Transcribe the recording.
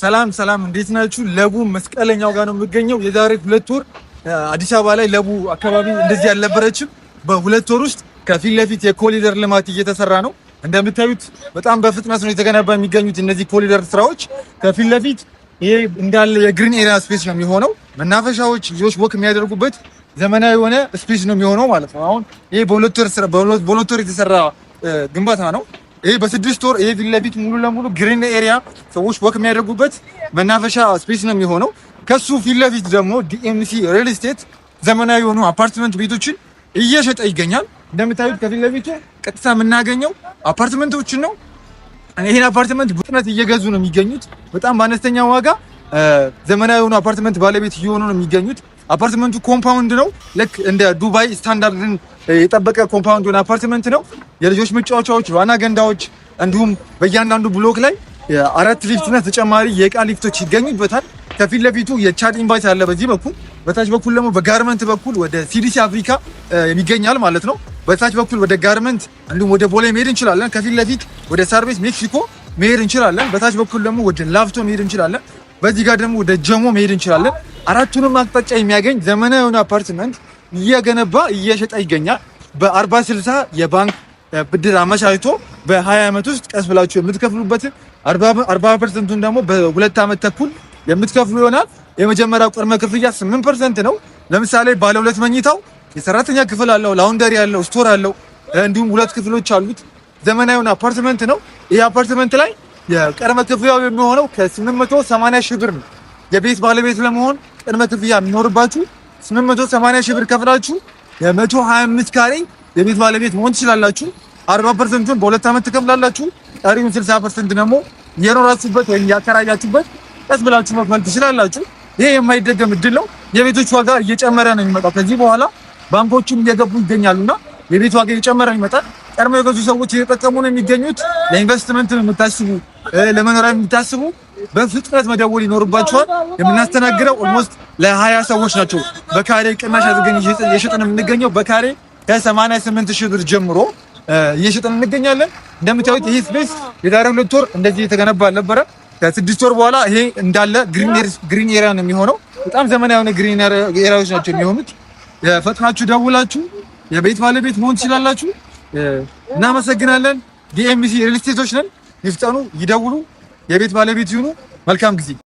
ሰላም ሰላም፣ እንዴት ናችሁ? ለቡ መስቀለኛው ጋር ነው የሚገኘው። የዛሬ ሁለት ወር አዲስ አበባ ላይ ለቡ አካባቢ እንደዚህ ያልነበረችም። በሁለት ወር ውስጥ ከፊት ለፊት የኮሊደር ልማት እየተሰራ ነው። እንደምታዩት በጣም በፍጥነት ነው የተገነባ የሚገኙት እነዚህ ኮሊደር ስራዎች። ከፊት ለፊት ይሄ እንዳለ የግሪን ኤሪያ ስፔስ ነው የሚሆነው። መናፈሻዎች፣ ልጆች ወክ የሚያደርጉበት ዘመናዊ የሆነ ስፔስ ነው የሚሆነው ማለት ነው። አሁን ይሄ በሁለት ወር የተሰራ ግንባታ ነው። ይሄ በስድስት ወር ይሄ ፊት ለፊት ሙሉ ለሙሉ ግሪን ኤሪያ ሰዎች ወክ የሚያደርጉበት መናፈሻ ስፔስ ነው የሚሆነው። ከሱ ፊት ለፊት ደግሞ ዲኤምሲ ሪል ስቴት ዘመናዊ የሆኑ አፓርትመንት ቤቶችን እየሸጠ ይገኛል። እንደምታዩት ከፊት ለፊቱ ቀጥታ የምናገኘው አፓርትመንቶችን ነው። ይህን አፓርትመንት በፍጥነት እየገዙ ነው የሚገኙት። በጣም በአነስተኛ ዋጋ ዘመናዊ የሆኑ አፓርትመንት ባለቤት እየሆኑ ነው የሚገኙት። አፓርትመንቱ ኮምፓውንድ ነው። ልክ እንደ ዱባይ ስታንዳርድን የጠበቀ ኮምፓውንድ የሆነ አፓርትመንት ነው። የልጆች መጫወቻዎች፣ ዋና ገንዳዎች እንዲሁም በእያንዳንዱ ብሎክ ላይ አራት ሊፍትና ተጨማሪ የእቃ ሊፍቶች ይገኙበታል። ከፊት ለፊቱ የቻድ ኢንቫይት አለ። በዚህ በኩል በታች በኩል ደግሞ በጋርመንት በኩል ወደ ሲዲሲ አፍሪካ ይገኛል ማለት ነው። በታች በኩል ወደ ጋርመንት እንዲሁም ወደ ቦሌ መሄድ እንችላለን። ከፊት ለፊት ወደ ሳርቤስ ሜክሲኮ መሄድ እንችላለን። በታች በኩል ደግሞ ወደ ላፍቶ መሄድ እንችላለን። በዚህ ጋር ደግሞ ወደ ጀሞ መሄድ እንችላለን። አራቱንም አቅጣጫ የሚያገኝ ዘመናዊ የሆነ አፓርትመንት እየገነባ እየሸጠ ይገኛል። በአርባ ስልሳ የባንክ ብድር አመቻችቶ በ20 ዓመት ውስጥ ቀስ ብላችሁ የምትከፍሉበትን 40 ፐርሰንቱን ደግሞ በሁለት ዓመት ተኩል የምትከፍሉ ይሆናል። የመጀመሪያው ቅድመ ክፍያ 8 ፐርሰንት ነው። ለምሳሌ ባለ ሁለት መኝታው የሰራተኛ ክፍል አለው፣ ላውንደሪ አለው፣ ስቶር አለው፣ እንዲሁም ሁለት ክፍሎች አሉት። ዘመናዊውን አፓርትመንት ነው። ይህ አፓርትመንት ላይ የቅድመ ክፍያው የሚሆነው ከ880 ሺህ ብር ነው። የቤት ባለቤት ለመሆን ቅድመ ክፍያ የሚኖርባችሁ 880 ሺህ ብር ከፍላችሁ የ125 ካሬ የቤት ባለቤት መሆን ትችላላችሁ። 40 ፐርሰንቱን በሁለት ዓመት ትከፍላላችሁ። ቀሪውን 60 ፐርሰንት ደግሞ የኖራችሁበት ወይም ያከራያችሁበት ቀስ ብላችሁ መክፈል ትችላላችሁ። ይህ የማይደገም እድል ነው። የቤቶች ዋጋ እየጨመረ ነው የሚመጣው። ከዚህ በኋላ ባንኮቹም እየገቡ ይገኛሉና የቤት ዋጋ እየጨመረ ነው ይመጣል። ቀድሞ የገዙ ሰዎች እየጠቀሙ ነው የሚገኙት። ለኢንቨስትመንት የምታስቡ ለመኖሪያ የምታስቡ በፍጥነት መደወል ይኖርባቸዋል። የምናስተናግደው ኦልሞስት ለሀያ ሰዎች ናቸው። በካሬ ቅናሽ አድርገን እየሸጥን የምንገኘው በካሬ ከ88 ሺህ ብር ጀምሮ እየሸጥን እንገኛለን። እንደምታዩት ይህ ስፔስ የዛሬ ሁለት ወር እንደዚህ የተገነባ አልነበረ። ከስድስት ወር በኋላ ይሄ እንዳለ ግሪን ኤሪያ ነው የሚሆነው። በጣም ዘመናዊ የሆነ ግሪን ኤሪያዎች ናቸው የሚሆኑት። ፈጥናችሁ ደውላችሁ የቤት ባለቤት መሆን ትችላላችሁ። እናመሰግናለን። ዲኤምሲ ሪልስቴቶች ነን። ይፍጠኑ፣ ይደውሉ። የቤት ባለቤት ይሁኑ። መልካም ጊዜ